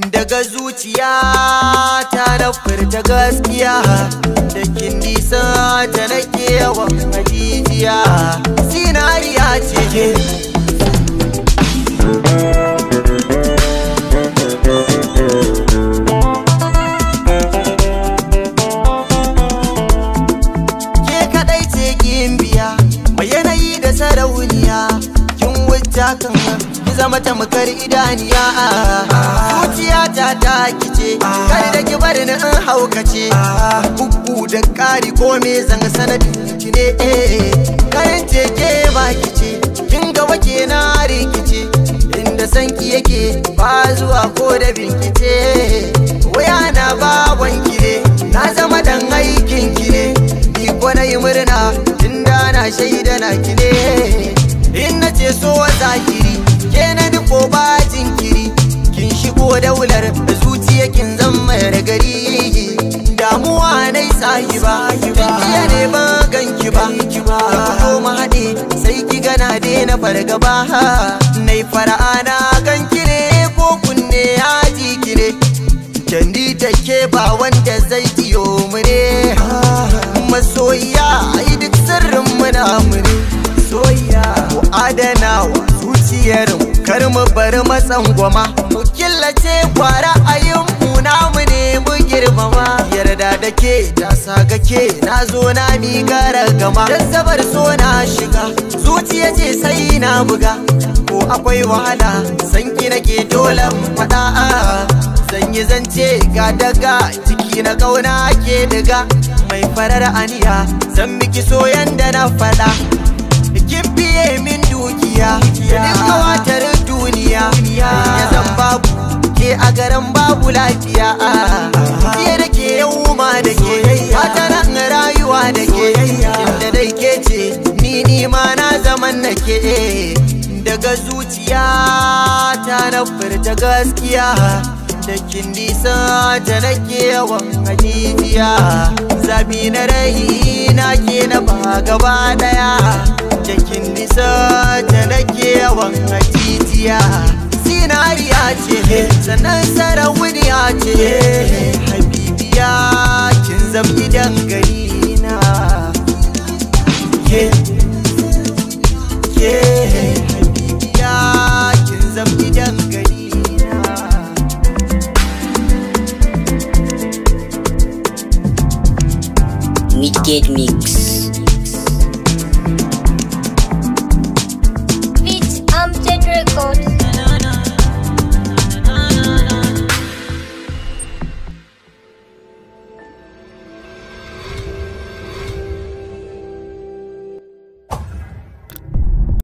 daga zuciya ta na furta gaskiya da kindisa nisa ta nake yawan hajijiya sinariya ce ke ce gimbiya mai yanayi da sarauniya kin wuce kan ki zama tamkar idaniya mata ta kice kar da ki bar ni in haukace bugu da kari ko me zan sanadin ki ne eh ce eh. ke ba kice kin ga wake na rikice inda sanki yake ba zuwa ko da binkice waya na baban kire na zama dan aikin kire ni ko na yi murna inda na shaida na kine in na ce so zakiri kenan ko ba ko bajin da fargaba nai fara'ana kan kire ko kunne ya ji kire candi take ba wanda zai iyo mure masoyiya ai duk sirrin muna mure ku adana wa zuciyar mu kar mu bar matsan goma mu killace kwara mu. bu girmama yarda da ke ta saga ke na zo na mi gara gama dan sabar so na shiga zuciya ce sai na buga ko akwai wahala san ki nake dole faɗa a san yi zance ga daga ciki na kauna ke daga mai farar aniya zan miki so yanda na faɗa kin biye min dukiya da kawatar duniya ya zan ke a garin babu lafiya daga zuciya ta na furta gaskiya da kin nisa ta nake yawan hajijiya zabi na rai na ke na ba gaba daya da kin nisa ta nake yawan hajijiya Sinariya ce sannan sarauniya ce habibiya kin zabi idan gari Midgate Mix.